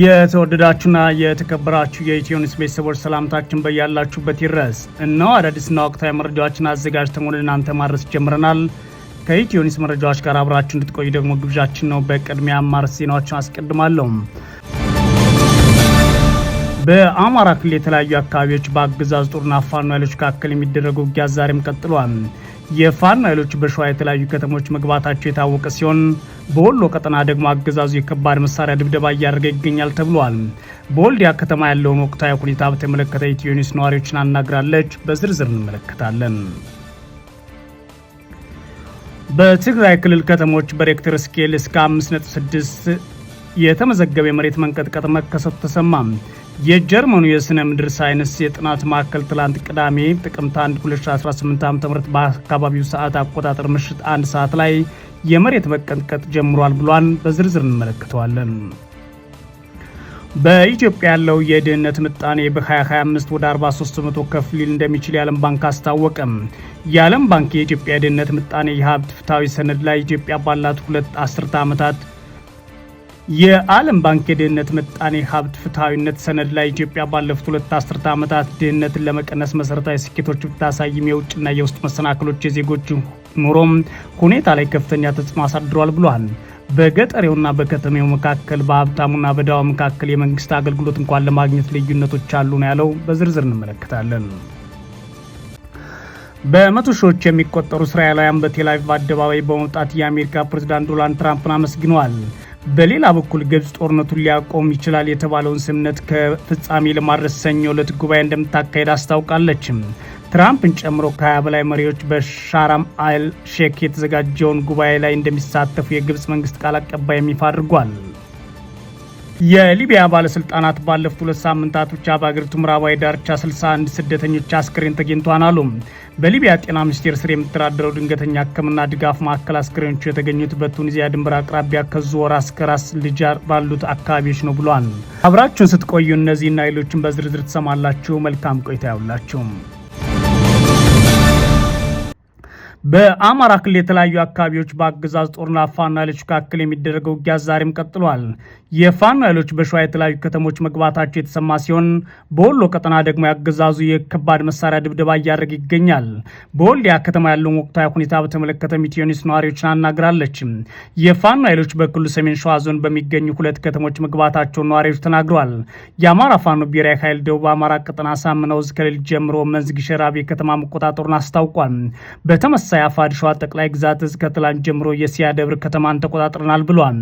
የተወደዳችሁና የተከበራችሁ የኢትዮ ቤተሰቦች ሰላምታችን በያላችሁበት ይድረስ። እነሆ አዳዲስና ወቅታዊ መረጃዎችን አዘጋጅተን ወደ እናንተ ማድረስ ጀምረናል። ከኢትዮ መረጃዎች ጋር አብራችሁ እንድትቆዩ ደግሞ ግብዣችን ነው። በቅድሚያ አማርስ ዜናዎችን አስቀድማለሁ። በአማራ ክልል የተለያዩ አካባቢዎች በአገዛዝ ጦርና ፋኖ ኃይሎች መካከል የሚደረገው ውጊያ ዛሬም ቀጥሏል። የፋኖ ኃይሎች በሸዋ የተለያዩ ከተሞች መግባታቸው የታወቀ ሲሆን በወሎ ቀጠና ደግሞ አገዛዙ የከባድ መሳሪያ ድብደባ እያደረገ ይገኛል ተብሏል። በወልዲያ ከተማ ያለውን ወቅታዊ ሁኔታ በተመለከተ ኢትዮ ኒውስ ነዋሪዎችን አናግራለች። በዝርዝር እንመለከታለን። በትግራይ ክልል ከተሞች በሬክተር ስኬል እስከ 5.6 የተመዘገበ የመሬት መንቀጥቀጥ መከሰቱ ተሰማ። የጀርመኑ የስነ ምድር ሳይንስ የጥናት ማዕከል ትላንት ቅዳሜ ጥቅምት 1 2018 ዓ ም በአካባቢው ሰዓት አቆጣጠር ምሽት አንድ ሰዓት ላይ የመሬት መቀንቀጥ ጀምሯል ብሏን በዝርዝር እንመለከተዋለን። በኢትዮጵያ ያለው የድህነት ምጣኔ በ2025 ወደ 43 በመቶ ከፍ ሊል እንደሚችል የዓለም ባንክ አስታወቀም። የዓለም ባንክ የኢትዮጵያ የድህነት ምጣኔ የሀብት ፍትሐዊ ሰነድ ላይ ኢትዮጵያ ባላት ሁለት አስርተ ዓመታት የዓለም ባንክ የድህነት ምጣኔ ሀብት ፍትሐዊነት ሰነድ ላይ ኢትዮጵያ ባለፉት ሁለት አስርተ ዓመታት ድህነትን ለመቀነስ መሰረታዊ ስኬቶች ብታሳይም የውጭና የውስጥ መሰናክሎች የዜጎች ኑሮም ሁኔታ ላይ ከፍተኛ ተጽዕኖ አሳድሯል ብሏል። በገጠሬውና በከተሜው መካከል በሀብታሙና በዳዋ መካከል የመንግስት አገልግሎት እንኳን ለማግኘት ልዩነቶች አሉ ነው ያለው። በዝርዝር እንመለከታለን። በመቶ ሺዎች የሚቆጠሩ እስራኤላውያን በቴላቪቭ አደባባይ በመውጣት የአሜሪካ ፕሬዝዳንት ዶናልድ ትራምፕን አመስግነዋል። በሌላ በኩል ግብጽ ጦርነቱን ሊያቆም ይችላል የተባለውን ስምምነት ከፍጻሜ ለማድረስ ሰኞ ዕለት ጉባኤ እንደምታካሄድ አስታውቃለች። ትራምፕን ጨምሮ ከሀያ በላይ መሪዎች በሻራም አል ሼክ የተዘጋጀውን ጉባኤ ላይ እንደሚሳተፉ የግብጽ መንግስት ቃል አቀባይ ይፋ አድርጓል። የሊቢያ ባለስልጣናት ባለፉት ሁለት ሳምንታት ብቻ በአገሪቱ ምዕራባዊ ዳርቻ 61 ስደተኞች አስክሬን ተገኝቷን አሉ። በሊቢያ ጤና ሚኒስቴር ስር የምትተዳደረው ድንገተኛ ሕክምና ድጋፍ ማዕከል አስክሬኖቹ የተገኙት በቱኒዚያ ድንበር አቅራቢያ ከዙወራ እስከ ራስ ልጃር ባሉት አካባቢዎች ነው ብሏል። አብራችሁን ስትቆዩ እነዚህና ሌሎችን በዝርዝር ትሰማላችሁ። መልካም ቆይታ ያውላችሁም። በአማራ ክልል የተለያዩ አካባቢዎች በአገዛዝ ጦርና ፋኖ ኃይሎች መካከል የሚደረገው ውጊያ ዛሬም ቀጥሏል። የፋኖ ኃይሎች በሸዋ የተለያዩ ከተሞች መግባታቸው የተሰማ ሲሆን በወሎ ቀጠና ደግሞ ያገዛዙ የከባድ መሳሪያ ድብደባ እያደረገ ይገኛል። በወልዲያ ከተማ ያለውን ወቅታዊ ሁኔታ በተመለከተ ሚትዮኒስ ነዋሪዎችን አናግራለች። የፋኖ ኃይሎች በክልሉ ሰሜን ሸዋ ዞን በሚገኙ ሁለት ከተሞች መግባታቸውን ነዋሪዎች ተናግረዋል። የአማራ ፋኖ ብሔራዊ ኃይል ደቡብ አማራ ቀጠና ሳምነው ከሌሊት ጀምሮ መንዝግ ከተማ መቆጣጠሩን አስታውቋል። በተመሳ ሰያፋድ ሸዋ ጠቅላይ ግዛት እዝ ከትላንት ጀምሮ የሲያ ደብር ከተማን ተቆጣጥረናል ብሏል።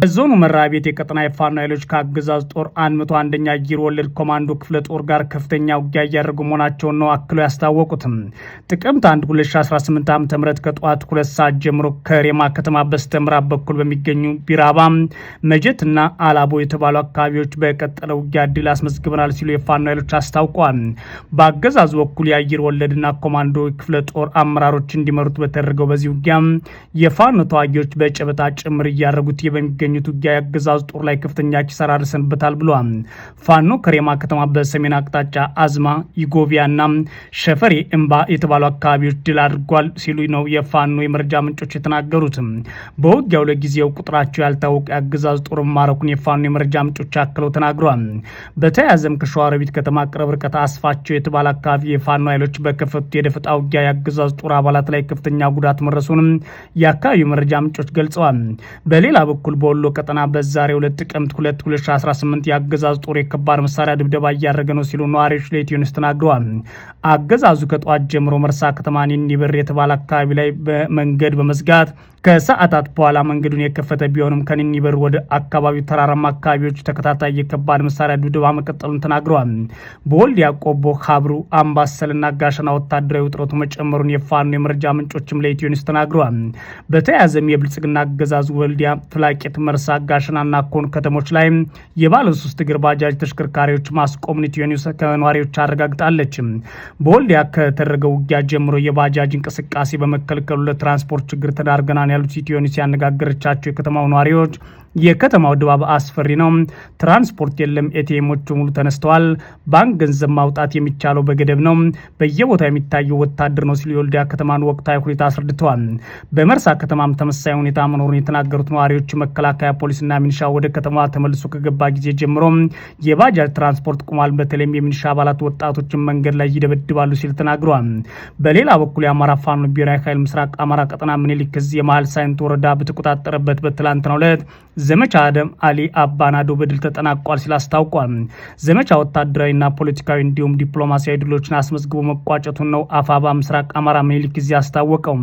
በዞኑ መራቤት የቀጠና የፋኖ ኃይሎች ከአገዛዝ ጦር አንድ መቶ አንደኛ አየር ወለድ ኮማንዶ ክፍለ ጦር ጋር ከፍተኛ ውጊያ እያደረጉ መሆናቸውን ነው አክለው ያስታወቁትም። ጥቅምት 1 2018 ዓ ም ከጠዋት ሁለት ሰዓት ጀምሮ ከሬማ ከተማ በስተምዕራብ በኩል በሚገኙ ቢራባ መጀት እና አላቦ የተባሉ አካባቢዎች በቀጠለ ውጊያ ድል አስመዝግበናል ሲሉ የፋኖ ኃይሎች አስታውቀዋል። በአገዛዝ በኩል የአየር ወለድና ኮማንዶ ክፍለ ጦር አመራሮች እንዲመሩት በተደረገው በዚህ ውጊያ የፋኖ ተዋጊዎች በጨበጣ ጭምር እያደረጉት በሚገኙት ውጊያ የአገዛዙ ጦር ላይ ከፍተኛ ኪሳራ አድርሰንበታል ብሏል። ፋኖ ከሬማ ከተማ በሰሜን አቅጣጫ አዝማ፣ ኢጎቪያና ሸፈሬ እምባ የተባሉ አካባቢዎች ድል አድርጓል ሲሉ ነው የፋኖ የመረጃ ምንጮች የተናገሩት። በውጊያው ለጊዜው ቁጥራቸው ያልታወቀ የአገዛዙ ጦር ማረኩን የፋኖ የመረጃ ምንጮች አክለው ተናግሯል። በተያያዘም ከሸዋሮቢት ከተማ ቅርብ ርቀት አስፋቸው የተባለ አካባቢ የፋኖ ኃይሎች በከፈቱት የደፈጣ ውጊያ የአገዛዙ ጦር አባላት አባላት ላይ ከፍተኛ ጉዳት መረሱንም የአካባቢው መረጃ ምንጮች ገልጸዋል። በሌላ በኩል በወሎ ቀጠና በዛሬ ሁለት ጥቅምት 2 2018 የአገዛዙ ጦር የከባድ መሳሪያ ድብደባ እያደረገ ነው ሲሉ ነዋሪዎች ለኢትዮ ኒውስ ተናግረዋል። አገዛዙ ከጠዋት ጀምሮ መርሳ ከተማን ኒበር የተባለ አካባቢ ላይ በመንገድ በመዝጋት ከሰዓታት በኋላ መንገዱን የከፈተ ቢሆንም ከኒኒ በር ወደ አካባቢው ተራራማ አካባቢዎች ተከታታይ የከባድ መሳሪያ ድብደባ መቀጠሉን ተናግረዋል። በወልዲያ ቆቦ፣ ሀብሩ፣ አምባሰልና ጋሸና ወታደራዊ ውጥረቱ መጨመሩን የፋኑ የመረጃ ምንጮችም ለኢትዮ ኒውስ ተናግረዋል። በተያያዘም የብልጽግና አገዛዝ ወልዲያ፣ ፍላቄት፣ መርሳ፣ ጋሸናና ኮን ከተሞች ላይ የባለ ሶስት እግር ባጃጅ ተሽከርካሪዎች ማስቆምን ኢትዮ ኒውስ ከነዋሪዎች አረጋግጣለች። በወልዲያ ከተደረገው ውጊያ ጀምሮ የባጃጅ እንቅስቃሴ በመከልከሉ ለትራንስፖርት ችግር ተዳርገናል ያሉት ኢትዮኒውስ ያነጋገረቻቸው የከተማው ነዋሪዎች የከተማው ድባብ አስፈሪ ነው። ትራንስፖርት የለም። ኤቲኤሞቹ ሙሉ ተነስተዋል። ባንክ ገንዘብ ማውጣት የሚቻለው በገደብ ነው። በየቦታው የሚታየው ወታደር ነው ሲሉ የወልዲያ ከተማን ወቅታዊ ሁኔታ አስረድተዋል። በመርሳ ከተማም ተመሳሳይ ሁኔታ መኖሩን የተናገሩት ነዋሪዎች መከላከያ፣ ፖሊስና ሚኒሻ ወደ ከተማዋ ተመልሶ ከገባ ጊዜ ጀምሮ የባጃጅ ትራንስፖርት ቁሟል። በተለይም የሚኒሻ አባላት ወጣቶችን መንገድ ላይ ይደበድባሉ ሲል ተናግረዋል። በሌላ በኩል የአማራ ፋኖ ብሔራዊ ኃይል ምስራቅ አማራ ቀጠና ምኒልክ ከዚህ የመሀል ሳይንት ወረዳ በተቆጣጠረበት በትላንትናው ዕለት ዘመቻ አደም አሊ አባናዶ በድል ተጠናቋል ሲል አስታውቋል። ዘመቻ ወታደራዊና ፖለቲካዊ እንዲሁም ዲፕሎማሲያዊ ድሎችን አስመዝግቦ መቋጨቱን ነው አፋባ ምስራቅ አማራ ምኒልክ ጊዜ አስታወቀው።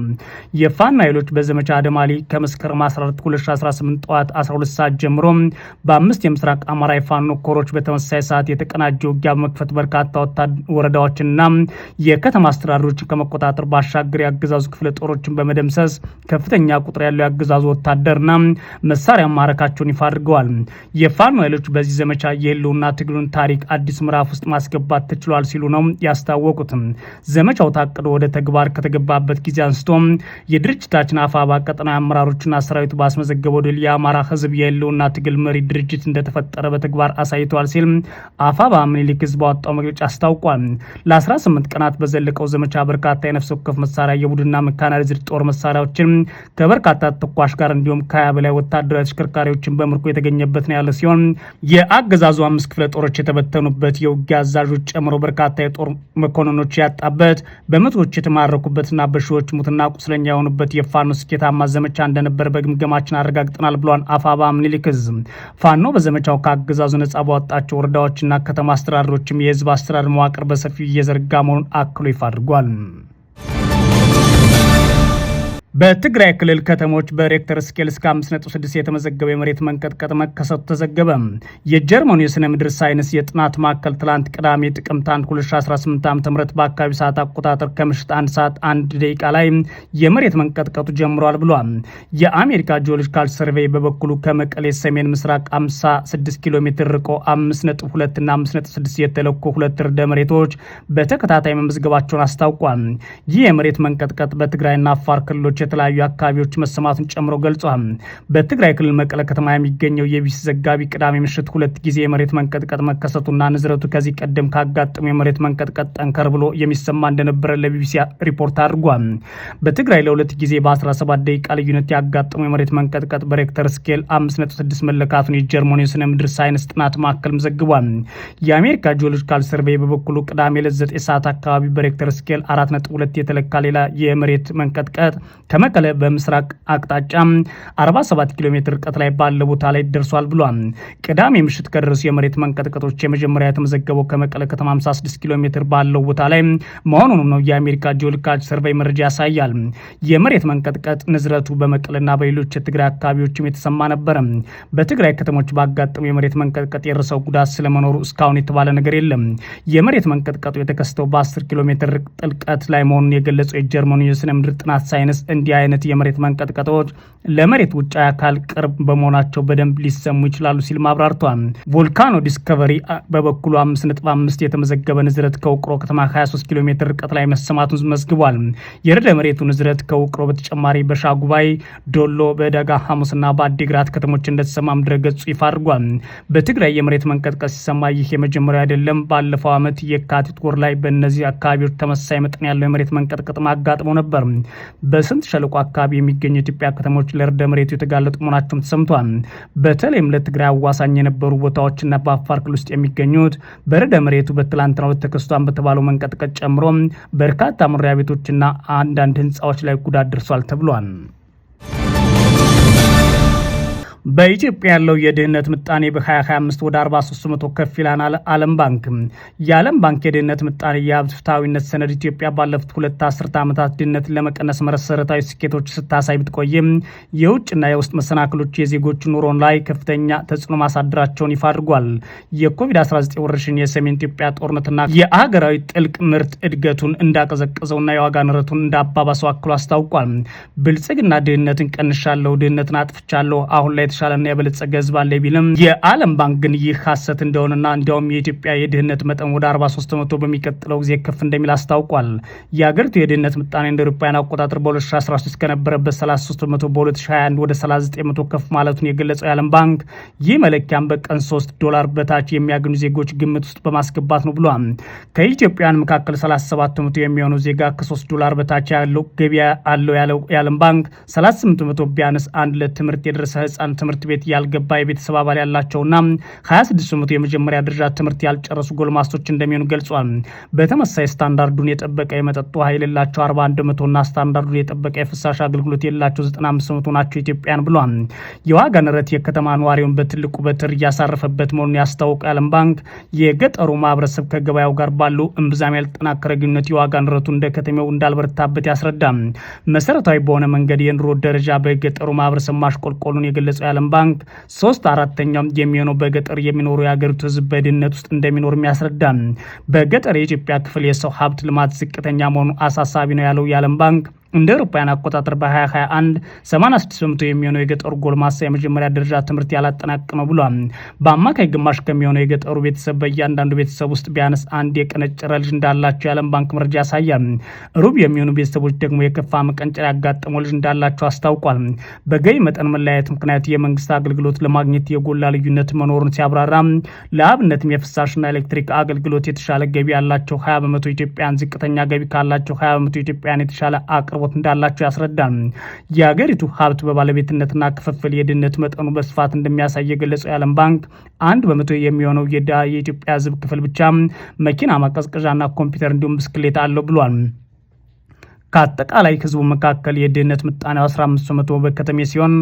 የፋኖ ኃይሎች በዘመቻ አደም አሊ ከመስከረም 14 2018 ጠዋት 12 ሰዓት ጀምሮ በአምስት የምስራቅ አማራ የፋኖ ኮሮች በተመሳሳይ ሰዓት የተቀናጀ ውጊያ በመክፈት በርካታ ወረዳዎችንና የከተማ አስተዳደሮችን ከመቆጣጠር ባሻገር የአገዛዙ ክፍለ ጦሮችን በመደምሰስ ከፍተኛ ቁጥር ያለው የአገዛዙ ወታደርና መሳሪያ ማረ ማድረካቸውን ይፋ አድርገዋል። የፋኖ ኃይሎች በዚህ ዘመቻ የህልውና ትግሉን ታሪክ አዲስ ምዕራፍ ውስጥ ማስገባት ተችሏል ሲሉ ነው ያስታወቁት ዘመቻው ታቅዶ ወደ ተግባር ከተገባበት ጊዜ አንስቶ የድርጅታችን አፋባ ቀጠና አመራሮችና ሰራዊቱ ባስመዘገበው ድል የአማራ ህዝብ የህልውና ትግል መሪ ድርጅት እንደተፈጠረ በተግባር አሳይተዋል ሲል አፋባ ምኒልክ ህዝብ ባወጣው መግለጫ አስታውቋል። ለ18 ቀናት በዘለቀው ዘመቻ በርካታ የነፍስ ወከፍ መሳሪያ የቡድንና መካናይዝድ ጦር መሳሪያዎችን ከበርካታ ተኳሽ ጋር እንዲሁም ከሀያ በላይ ወታደራዊ ተሽከርካ ተሽከርካሪዎችን በምርኮ የተገኘበት ነው ያለ ሲሆን የአገዛዙ አምስት ክፍለ ጦሮች የተበተኑበት የውጊያ አዛዦች ጨምሮ በርካታ የጦር መኮንኖች ያጣበት በመቶዎች የተማረኩበትና በሺዎች ሙትና ቁስለኛ የሆኑበት የፋኖ ስኬታማ ዘመቻ እንደነበር በግምገማችን አረጋግጠናል ብሏል። አፋባ ምኒልክዝ ፋኖ በዘመቻው ከአገዛዙ ነጻ በወጣቸው ወረዳዎችና ከተማ አስተዳደሮችም የህዝብ አስተዳደር መዋቅር በሰፊው እየዘርጋ መሆኑን አክሎ ይፋ አድርጓል። በትግራይ ክልል ከተሞች በሬክተር ስኬል እስከ 5.6 የተመዘገበ የመሬት መንቀጥቀጥ መከሰቱ ተዘገበ። የጀርመኑ የሥነ ምድር ሳይንስ የጥናት ማዕከል ትላንት ቅዳሜ ጥቅምት 1 2018 ዓ ም በአካባቢ ሰዓት አቆጣጠር ከምሽት 1 ሰዓት 1 ደቂቃ ላይ የመሬት መንቀጥቀጡ ጀምሯል ብሏል። የአሜሪካ ጂኦሎጂካል ሰርቬይ በበኩሉ ከመቀሌ ሰሜን ምስራቅ 56 ኪሎ ሜትር ርቆ 5.2 እና 5.6 የተለኩ ሁለት ርዕደ መሬቶች በተከታታይ መመዝገባቸውን አስታውቋል። ይህ የመሬት መንቀጥቀጥ በትግራይና አፋር ክልሎች የተለያዩ አካባቢዎች መሰማቱን ጨምሮ ገልጿል። በትግራይ ክልል መቀለ ከተማ የሚገኘው የቢስ ዘጋቢ ቅዳሜ ምሽት ሁለት ጊዜ የመሬት መንቀጥቀጥ መከሰቱና ንዝረቱ ከዚህ ቀደም ካጋጠሙ የመሬት መንቀጥቀጥ ጠንከር ብሎ የሚሰማ እንደነበረ ለቢቢሲ ሪፖርት አድርጓል። በትግራይ ለሁለት ጊዜ በ17 ደቂቃ ልዩነት ያጋጠሙ የመሬት መንቀጥቀጥ በሬክተር ስኬል 5.6 መለካቱን የጀርመን የስነ ምድር ሳይንስ ጥናት ማዕከልም ዘግቧል። የአሜሪካ ጂኦሎጂካል ሰርቬይ በበኩሉ ቅዳሜ ለዘጠኝ ሰዓት አካባቢ በሬክተር ስኬል 4.2 የተለካ ሌላ የመሬት መንቀጥቀጥ ከመቀለ በምስራቅ አቅጣጫ 47 ኪሎ ሜትር ርቀት ላይ ባለ ቦታ ላይ ደርሷል ብሏል። ቅዳሜ ምሽት ከደረሱ የመሬት መንቀጥቀጦች የመጀመሪያ የተመዘገበው ከመቀለ ከተማ 56 ኪሎ ሜትር ባለው ቦታ ላይ መሆኑንም ነው የአሜሪካ ጂኦሎጂካል ሰርቬይ መረጃ ያሳያል። የመሬት መንቀጥቀጥ ንዝረቱ በመቀለና በሌሎች የትግራይ አካባቢዎችም የተሰማ ነበረ። በትግራይ ከተሞች ባጋጠሙ የመሬት መንቀጥቀጥ የደረሰው ጉዳት ስለመኖሩ እስካሁን የተባለ ነገር የለም። የመሬት መንቀጥቀጡ የተከሰተው በ10 ኪሎ ሜትር ጥልቀት ላይ መሆኑን የገለጸው የጀርመኑ የስነ ምድር ጥናት ሳይንስ እንዲህ አይነት የመሬት መንቀጥቀጦች ለመሬት ውጫዊ አካል ቅርብ በመሆናቸው በደንብ ሊሰሙ ይችላሉ ሲል አብራርተዋል። ቮልካኖ ዲስከቨሪ በበኩሉ 5.5 የተመዘገበ ንዝረት ከውቅሮ ከተማ 23 ኪሎ ሜትር ርቀት ላይ መሰማቱን መዝግቧል። የርዕደ መሬቱ ንዝረት ከውቅሮ በተጨማሪ በሻጉባይ፣ ዶሎ፣ በደጋ ሐሙስና በአዲግራት ከተሞች እንደተሰማም ድረገጹ ይፋ አድርጓል። በትግራይ የመሬት መንቀጥቀጥ ሲሰማ ይህ የመጀመሪያ አይደለም። ባለፈው ዓመት የካቲት ወር ላይ በእነዚህ አካባቢዎች ተመሳሳይ መጠን ያለው የመሬት መንቀጥቀጥ አጋጥሞ ነበር። በስንት ሸለቆ አካባቢ የሚገኙ የኢትዮጵያ ከተሞች ለእርደ መሬቱ የተጋለጡ መሆናቸውም ተሰምቷል። በተለይም ለትግራይ አዋሳኝ የነበሩ ቦታዎችና በአፋር ክልል ውስጥ የሚገኙት በእርደ መሬቱ በትላንትናው ተከስቷን በተባለው መንቀጥቀጥ ጨምሮ በርካታ መኖሪያ ቤቶችና አንዳንድ ህንፃዎች ላይ ጉዳት ደርሷል ተብሏል። በኢትዮጵያ ያለው የድህነት ምጣኔ በ2025 ወደ 43 ከፍ ይላል። ዓለም ባንክ የዓለም ባንክ የድህነት ምጣኔ የሀብት ፍትሐዊነት ሰነድ ኢትዮጵያ ባለፉት ሁለት አስርተ ዓመታት ድህነትን ለመቀነስ መሰረታዊ ስኬቶች ስታሳይ ብትቆይም የውጭና የውስጥ መሰናክሎች የዜጎች ኑሮን ላይ ከፍተኛ ተጽዕኖ ማሳደራቸውን ይፋ አድርጓል። የኮቪድ-19 ወረርሽኝ፣ የሰሜን ኢትዮጵያ ጦርነትና የአገራዊ ጥልቅ ምርት እድገቱን እንዳቀዘቀዘውና የዋጋ ንረቱን እንዳባባሰው አክሎ አስታውቋል። ብልጽግና ድህነትን ቀንሻለሁ፣ ድህነትን አጥፍቻለሁ አሁን ላይ የተሻለና የበለጸገ ህዝብ አለ ቢልም የዓለም ባንክ ግን ይህ ሀሰት እንደሆነና እንዲያውም የኢትዮጵያ የድህነት መጠን ወደ 43 በመቶ በሚቀጥለው ጊዜ ከፍ እንደሚል አስታውቋል። የአገሪቱ የድህነት ምጣኔ እንደ አውሮፓውያን አቆጣጠር በ 2013 ከነበረበት 33 በመቶ በ2021 ወደ 39 በመቶ ከፍ ማለቱን የገለጸው የዓለም ባንክ ይህ መለኪያም በቀን 3 ዶላር በታች የሚያገኙ ዜጎች ግምት ውስጥ በማስገባት ነው ብሏል። ከኢትዮጵያውያን መካከል 37 በመቶ የሚሆነው ዜጋ ከ3 ዶላር በታች ያለው ገቢ አለው ያለው የዓለም ባንክ 38 በመቶ ቢያንስ አንድ ለትምህርት የደረሰ ህጻን ትምህርት ቤት ያልገባ የቤተሰብ አባል ያላቸውና 26 በመቶ የመጀመሪያ ደረጃ ትምህርት ያልጨረሱ ጎልማሶች እንደሚሆኑ ገልጿል። በተመሳይ ስታንዳርዱን የጠበቀ የመጠጥ ውሃ የሌላቸው 41 በመቶና ስታንዳርዱን የጠበቀ የፍሳሽ አገልግሎት የሌላቸው 95 በመቶ ናቸው ኢትዮጵያን ብሏል። የዋጋ ንረት የከተማ ነዋሪውን በትልቁ በትር እያሳረፈበት መሆኑን ያስታወቀ ዓለም ባንክ የገጠሩ ማህበረሰብ ከገበያው ጋር ባለው እምብዛም ያልጠናከረ ግንኙነት የዋጋ ንረቱ እንደ ከተማው እንዳልበረታበት ያስረዳል መሰረታዊ በሆነ መንገድ የኑሮ ደረጃ በገጠሩ ማህበረሰብ ማሽቆልቆሉን የገለጸው የዓለም ባንክ ሶስት አራተኛው የሚሆነው በገጠር የሚኖሩ የአገሪቱ ህዝብ በድህነት ውስጥ እንደሚኖር የሚያስረዳ በገጠር የኢትዮጵያ ክፍል የሰው ሀብት ልማት ዝቅተኛ መሆኑ አሳሳቢ ነው ያለው የዓለም ባንክ እንደ አውሮፓውያን አቆጣጠር በ2021 86 በመቶ የሚሆነው የገጠሩ ጎልማሳ የመጀመሪያ ደረጃ ትምህርት ያላጠናቅመ ነው ብሏል። በአማካይ ግማሽ ከሚሆነው የገጠሩ ቤተሰብ በእያንዳንዱ ቤተሰብ ውስጥ ቢያንስ አንድ የቀነጨረ ልጅ እንዳላቸው የዓለም ባንክ መረጃ ያሳያል። ሩብ የሚሆኑ ቤተሰቦች ደግሞ የከፋ መቀንጨር ያጋጠመው ልጅ እንዳላቸው አስታውቋል። በገይ መጠን መለያየት ምክንያት የመንግስት አገልግሎት ለማግኘት የጎላ ልዩነት መኖሩን ሲያብራራ ለአብነትም የፍሳሽና ኤሌክትሪክ አገልግሎት የተሻለ ገቢ ያላቸው 20 በመቶ ኢትዮጵያን፣ ዝቅተኛ ገቢ ካላቸው 20 በመቶ ኢትዮጵያን የተሻለ አቅርቦ ፍላጎት እንዳላቸው ያስረዳል። የሀገሪቱ ሀብት በባለቤትነትና ክፍፍል የድህነት መጠኑ በስፋት እንደሚያሳይ የገለጸው የዓለም ባንክ አንድ በመቶ የሚሆነው የኢትዮጵያ ሕዝብ ክፍል ብቻ መኪና ማቀዝቀዣና ኮምፒውተር እንዲሁም ብስክሌት አለው ብሏል። ከአጠቃላይ ህዝቡ መካከል የድህነት ምጣኔ 15 በመቶ በከተሜ ሲሆን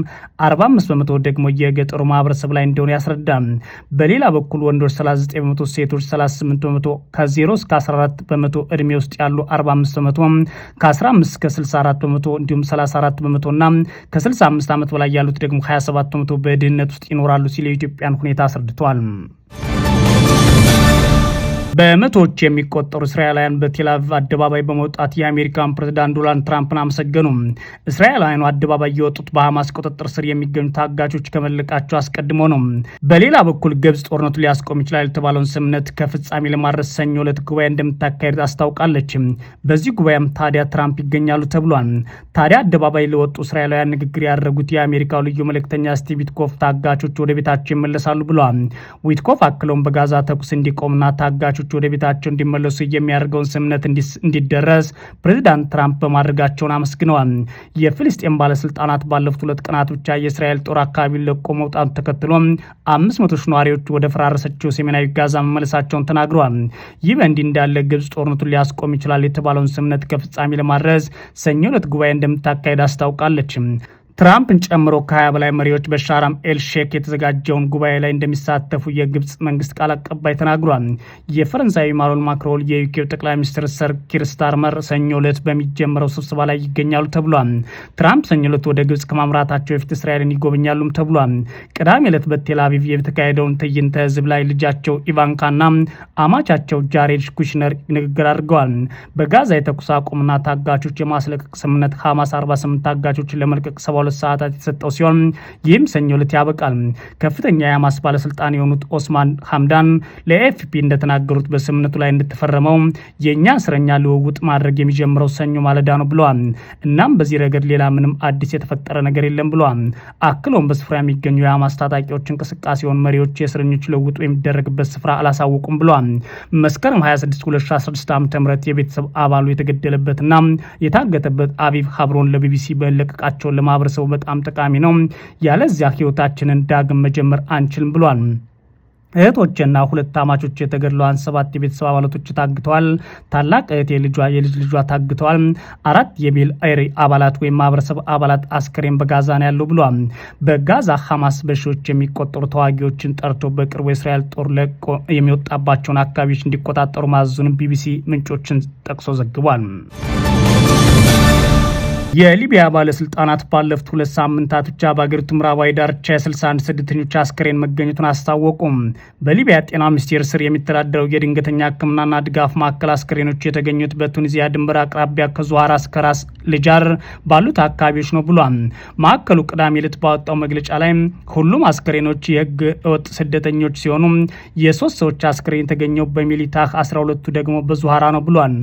45 በመቶ ደግሞ የገጠሩ ማህበረሰብ ላይ እንደሆነ ያስረዳል። በሌላ በኩል ወንዶች 39 በመቶ፣ ሴቶች 38 በመቶ፣ ከ0 እስከ 14 በመቶ እድሜ ውስጥ ያሉ 45 በመቶ፣ ከ15 እስከ 64 በመቶ እንዲሁም 34 በመቶ እና ከ65 ዓመት በላይ ያሉት ደግሞ 27 በመቶ በድህነት ውስጥ ይኖራሉ ሲል የኢትዮጵያን ሁኔታ አስረድተዋል። በመቶዎች የሚቆጠሩ እስራኤላውያን በቴላቪቭ አደባባይ በመውጣት የአሜሪካን ፕሬዚዳንት ዶናልድ ትራምፕን አመሰገኑ። እስራኤላውያኑ አደባባይ የወጡት በሐማስ ቁጥጥር ስር የሚገኙ ታጋቾች ከመለቃቸው አስቀድሞ ነው። በሌላ በኩል ግብጽ ጦርነቱ ሊያስቆም ይችላል የተባለውን ስምምነት ከፍጻሜ ለማድረስ ሰኞ ዕለት ጉባኤ እንደምታካሄድ አስታውቃለች። በዚህ ጉባኤም ታዲያ ትራምፕ ይገኛሉ ተብሏል። ታዲያ አደባባይ ለወጡ እስራኤላውያን ንግግር ያደረጉት የአሜሪካው ልዩ መልእክተኛ ስቲቭ ዊትኮፍ ታጋቾች ወደ ቤታቸው ይመለሳሉ ብለዋል። ዊትኮፍ አክለውም በጋዛ ተኩስ እንዲቆምና ታጋቾች ተመላሾች ወደ ቤታቸው እንዲመለሱ የሚያደርገውን ስምምነት እንዲደረስ ፕሬዚዳንት ትራምፕ በማድረጋቸውን አመስግነዋል። የፍልስጤን ባለስልጣናት ባለፉት ሁለት ቀናት ብቻ የእስራኤል ጦር አካባቢ ለቆ መውጣቱ ተከትሎ አምስት መቶ ሺህ ነዋሪዎች ወደ ፈራረሰችው ሰሜናዊ ጋዛ መመለሳቸውን ተናግረዋል። ይህ በእንዲህ እንዳለ ግብጽ ጦርነቱን ሊያስቆም ይችላል የተባለውን ስምምነት ከፍጻሜ ለማድረስ ሰኞ ዕለት ጉባኤ እንደምታካሄድ አስታውቃለች። ትራምፕን ጨምሮ ከሀያ በላይ መሪዎች በሻራም ኤልሼክ የተዘጋጀውን ጉባኤ ላይ እንደሚሳተፉ የግብፅ መንግስት ቃል አቀባይ ተናግሯል። የፈረንሳዊ ኢማኑኤል ማክሮን የዩኬው ጠቅላይ ሚኒስትር ሰር ኪር ስታርመር ሰኞ ዕለት በሚጀምረው ስብሰባ ላይ ይገኛሉ ተብሏል። ትራምፕ ሰኞ ዕለት ወደ ግብፅ ከማምራታቸው በፊት እስራኤልን ይጎበኛሉም ተብሏል። ቅዳሜ ዕለት በቴል አቪቭ የተካሄደውን ትዕይንተ ህዝብ ላይ ልጃቸው ኢቫንካና አማቻቸው ጃሬድ ኩሽነር ንግግር አድርገዋል። በጋዛ የተኩስ አቁምና ታጋቾች የማስለቀቅ ስምምነት ሐማስ 48 ታጋቾችን ለመልቀቅ 72 ሁለት ሰዓታት የተሰጠው ሲሆን ይህም ሰኞ ዕለት ያበቃል። ከፍተኛ የሐማስ ባለስልጣን የሆኑት ኦስማን ሐምዳን ለኤፍፒ እንደተናገሩት በስምምነቱ ላይ እንደተፈረመው የእኛ እስረኛ ልውውጥ ማድረግ የሚጀምረው ሰኞ ማለዳ ነው ብለዋል። እናም በዚህ ረገድ ሌላ ምንም አዲስ የተፈጠረ ነገር የለም ብለዋል። አክለውም በስፍራ የሚገኙ የሐማስ ታጣቂዎች እንቅስቃሴውን መሪዎች የእስረኞች ልውውጡ የሚደረግበት ስፍራ አላሳወቁም ብለዋል። መስከረም 26 2016 ዓ ም የቤተሰብ አባሉ የተገደለበትና የታገተበት አቢብ ሀብሮን ለቢቢሲ መለቀቃቸውን ለማህበረሰብ ለሰው በጣም ጠቃሚ ነው፣ ያለዚያ ህይወታችንን ዳግም መጀመር አንችልም ብሏል። እህቶችና ሁለት ታማቾች የተገድለዋን ሰባት የቤተሰብ አባላቶች ታግተዋል። ታላቅ እህት የልጇ የልጅ ልጇ ታግተዋል። አራት የቤል አይሪ አባላት ወይም ማህበረሰብ አባላት አስከሬን በጋዛ ነው ያለው ብሏል። በጋዛ ሐማስ በሺዎች የሚቆጠሩ ተዋጊዎችን ጠርቶ በቅርቡ የእስራኤል ጦር ለቆ የሚወጣባቸውን አካባቢዎች እንዲቆጣጠሩ ማዘዙንም ቢቢሲ ምንጮችን ጠቅሶ ዘግቧል። የሊቢያ ባለስልጣናት ባለፉት ሁለት ሳምንታት ብቻ በአገሪቱ ምዕራባዊ ዳርቻ የ61 ስደተኞች አስከሬን መገኘቱን አስታወቁም። በሊቢያ ጤና ሚኒስቴር ስር የሚተዳደረው የድንገተኛ ሕክምናና ድጋፍ ማዕከል አስከሬኖች የተገኙት በቱኒዚያ ድንበር አቅራቢያ ከዙሃራ እስከ ራስ ልጃር ባሉት አካባቢዎች ነው ብሏል። ማዕከሉ ቅዳሜ ዕለት ባወጣው መግለጫ ላይ ሁሉም አስከሬኖች የህገ ወጥ ስደተኞች ሲሆኑ የሶስት ሰዎች አስከሬን የተገኘው በሚሊታህ 12ቱ ደግሞ በዙሃራ ነው ብሏል።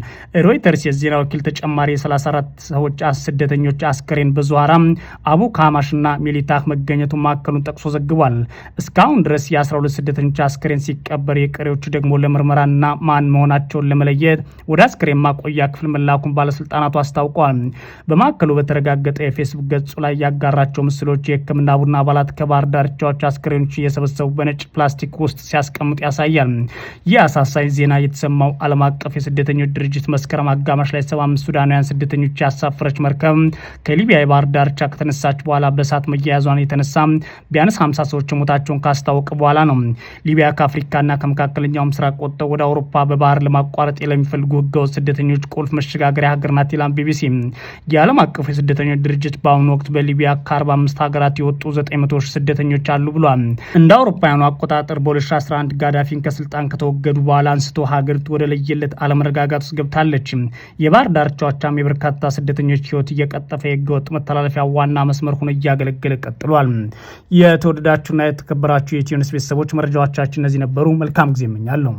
ሮይተርስ የዜና ወኪል ተጨማሪ የ34 ሰዎች ስደተኞች አስከሬን በዙዋራም አቡ ካማሽና ሚሊታህ መገኘቱን ማከሉን ጠቅሶ ዘግቧል። እስካሁን ድረስ የ12 ስደተኞች አስከሬን ሲቀበር፣ የቀሪዎቹ ደግሞ ለምርመራና ማን መሆናቸውን ለመለየት ወደ አስከሬን ማቆያ ክፍል መላኩን ባለስልጣናቱ አስታውቋል። በማዕከሉ በተረጋገጠ የፌስቡክ ገጹ ላይ ያጋራቸው ምስሎች የህክምና ቡድን አባላት ከባህር ዳርቻዎች አስከሬኖች እየሰበሰቡ በነጭ ፕላስቲክ ውስጥ ሲያስቀምጡ ያሳያል። ይህ አሳሳኝ ዜና የተሰማው ዓለም አቀፍ የስደተኞች ድርጅት መስከረም አጋማሽ ላይ 75 ሱዳናውያን ስደተኞች ያሳፈረች መርከብ መርከብ ከሊቢያ የባህር ዳርቻ ከተነሳች በኋላ በእሳት መያያዟን የተነሳ ቢያንስ 50 ሰዎች ሞታቸውን ካስታወቀ በኋላ ነው። ሊቢያ ከአፍሪካና ከመካከለኛው ምስራቅ ወጥተው ወደ አውሮፓ በባህር ለማቋረጥ ለሚፈልጉ ህገወጥ ስደተኞች ቁልፍ መሸጋገሪያ ሀገር ናት ይላል ቢቢሲ። የዓለም አቀፉ የስደተኞች ድርጅት በአሁኑ ወቅት በሊቢያ ከ45 ሀገራት የወጡ 900 ስደተኞች አሉ ብሏል። እንደ አውሮፓውያኑ አቆጣጠር በ2011 ጋዳፊን ከስልጣን ከተወገዱ በኋላ አንስቶ ሀገሪቱ ወደ ለየለት አለመረጋጋት ውስጥ ገብታለች። የባህር ዳርቻዎቿም የበርካታ ስደተኞች ህይወት እየቀጠፈ የህገወጥ መተላለፊያ ዋና መስመር ሆኖ እያገለገለ ቀጥሏል። የተወደዳችሁና የተከበራችሁ የኢትዮ ኒውስ ቤተሰቦች መረጃዎቻችን እነዚህ ነበሩ። መልካም ጊዜ እመኛለሁ።